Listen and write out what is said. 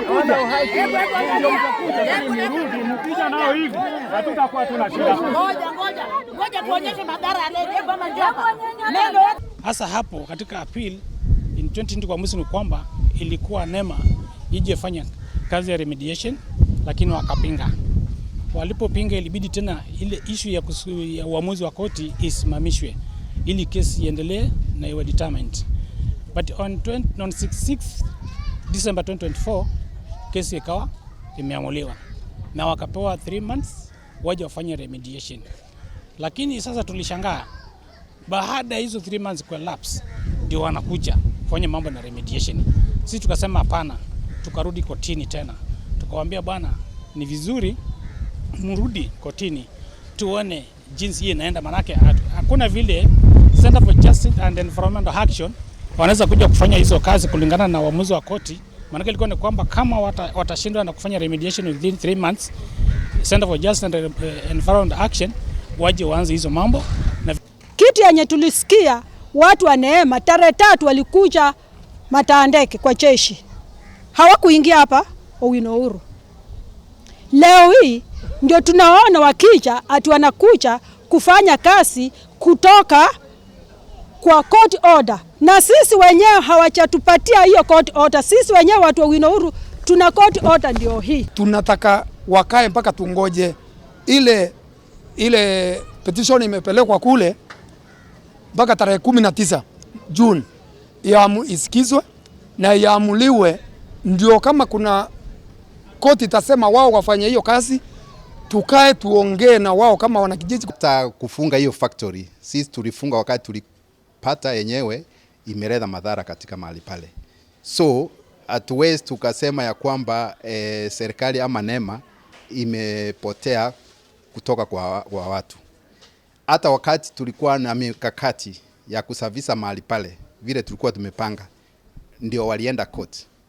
mtakuja, mrudi. Mkija nao hivi hatutakuwa tuna shida. Ngoja ngoja ngoja tuonyeshe madhara hasa hapo katika appeal in 2020 kwa mwezi ni kwamba ilikuwa NEMA ije fanya kazi ya remediation, lakini wakapinga. Walipopinga ilibidi tena ile ishu ya, ya uamuzi wa koti isimamishwe ili kesi iendelee na iwe determined. But on 20, on 6, 6 December 2024 kesi ikawa imeamuliwa na wakapewa 3 months waje wafanye remediation. Lakini sasa tulishangaa baada ya hizo 3 months kwa lapse ndio wanakuja kufanya mambo na remediation. Sisi tukasema hapana, tukarudi kotini tena, tukawaambia bwana, ni vizuri mrudi kotini tuone jinsi hii inaenda, manake hakuna vile Center for Justice and Environmental Action wanaweza kuja kufanya hizo kazi kulingana na uamuzi wa koti. Maana ilikuwa ni kwamba kama watashindwa wata na kufanya remediation within 3 months, Center for Justice and eh, Environment Action waje waanze hizo mambo na... kitu yenye tulisikia watu wa neema tarehe tatu walikuja Matandeke kwa cheshi hawakuingia hapa Owino Uhuru. Leo hii ndio tunaona wakija ati wanakuja kufanya kazi kutoka kwa court order, na sisi wenyewe hawachatupatia hiyo court order. Sisi wenyewe watu wa Wino tuna court order ndio hii. Tunataka wakae mpaka tungoje ile ile petition imepelekwa kule mpaka tarehe kumi na tisa Juni isikizwe na iamuliwe, ndio kama kuna koti itasema wao wafanye hiyo kazi, tukae tuongee na wao kama wanakijiji. Kufunga hiyo factory, sisi tulifunga wakati tuli pata yenyewe imeleta madhara katika mahali pale. So hatuwezi tukasema ya kwamba e, serikali ama NEMA imepotea kutoka kwa, kwa watu. Hata wakati tulikuwa na mikakati ya kusafisha mahali pale vile tulikuwa tumepanga, ndio walienda koti